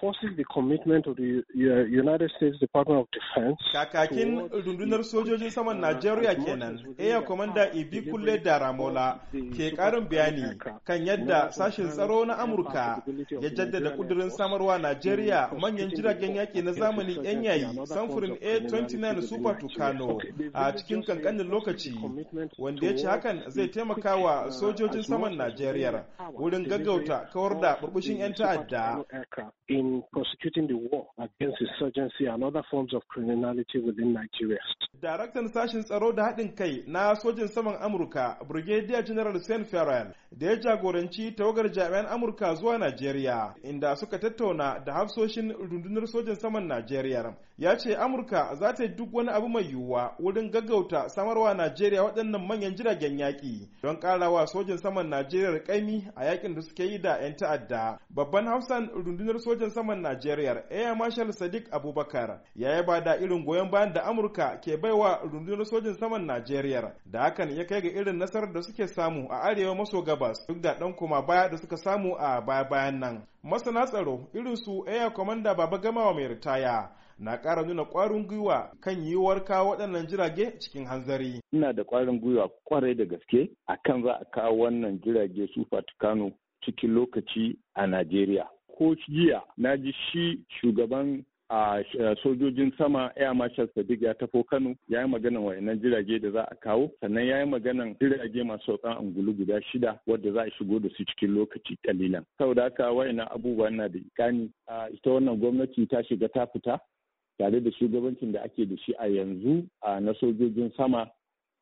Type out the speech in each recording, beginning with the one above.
forces the of the United States Kakakin rundunar sojojin saman uh, Najeriya kenan, Air Commander Ibikunle Daramola ke karin bayani kan yadda sashen tsaro na Amurka ya jaddada kudirin samarwa Najeriya manyan jiragen yaƙi na zamani yan yayi samfurin A29 Super Tucano a cikin kankanin lokaci wanda ya ce hakan zai taimaka wa uh, sojojin saman Najeriya wurin gaggauta kawar da burbushin 'yan ta'adda. in prosecuting the war against insurgency and other forms of criminality within Nigeria. Daraktan sashen tsaro da haɗin kai na sojin saman Amurka, Brigadier General Sen Farrell, da ya jagoranci tawagar jami'an Amurka zuwa Najeriya, inda suka tattauna da hafsoshin rundunar sojin saman Najeriya. Ya ce Amurka za ta yi duk wani abu mai yiwuwa wurin gaggauta samarwa Najeriya waɗannan manyan jiragen yaƙi don ƙarawa sojin saman Najeriya ƙaimi a yaƙin da suke yi da 'yan ta'adda. Babban hafsan rundunar sojin saman Najeriya Air Marshal Sadiq Abubakar ya yaba da irin goyon bayan da Amurka ke baiwa rundunar sojin saman Najeriya da hakan ya kai ga irin nasarar da suke samu a arewa maso gabas duk da dan kuma baya da suka samu a baya-bayan nan. Masana tsaro irin su Air Commander Baba Gamawa mai ritaya na ƙara nuna ƙwarin gwiwa kan yiwuwar kawo waɗannan jirage cikin hanzari. Ina da ƙwarin gwiwa kwarai da gaske akan za a kawo wannan jirage su Fatikano cikin lokaci a Najeriya. ko jiya na ji shi shugaban a sojojin sama air marshal sadiq ya tafo kano ya yi maganan wayannan jirage da za a kawo sannan ya yi maganan jirage masu saukan angulu guda shida wadda za a shigo da su cikin lokaci kalilan saboda haka wayannan abubuwa na da ikani ita wannan gwamnati ta shiga ta fita tare da shugabancin da ake da shi a yanzu na sojojin sama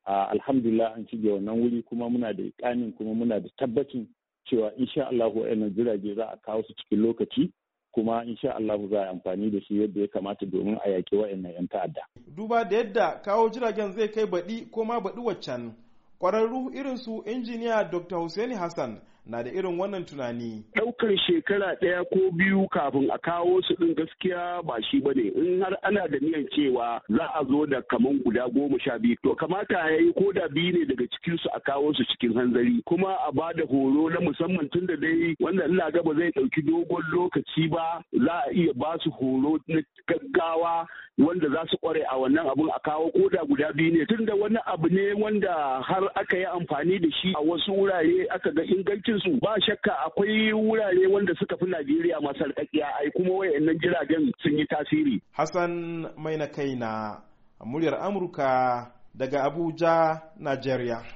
alhamdulillah an shige wannan wuri kuma muna da ikanin kuma muna da tabbacin cewa insha Allahu wa'annan jirage za a kawo su cikin lokaci kuma insha Allahu za a amfani da shi yadda ya kamata domin a yaƙi wa'annan 'yan ta'adda. Duba da yadda kawo jiragen zai kai baɗi ko ma baɗi waccan. Ƙwararru irin su injiniya Dr. Hussaini Hassan na da irin wannan tunani. Ɗaukar shekara ɗaya ko biyu kafin a kawo su ɗin gaskiya ba shi ba ne in har ana da niyan cewa za a zo da kaman guda goma sha biyu to kamata ya yi ko da biyu ne daga cikin su a kawo su cikin hanzari kuma a ba da horo na musamman tun da dai wanda Allah ga ba zai ɗauki dogon lokaci ba za a iya ba su horo na gaggawa wanda za su kware a wannan abun a kawo ko da guda biyu ne tun da wani abu ne wanda har aka yi amfani da shi a wasu wurare aka ga ingancin su ba shakka akwai wurare wanda suka fi Najeriya masu sarƙaƙiya ai kuma nan jiragen sun yi tasiri. Hassan mai na kaina muryar Amurka daga Abuja, Najeriya.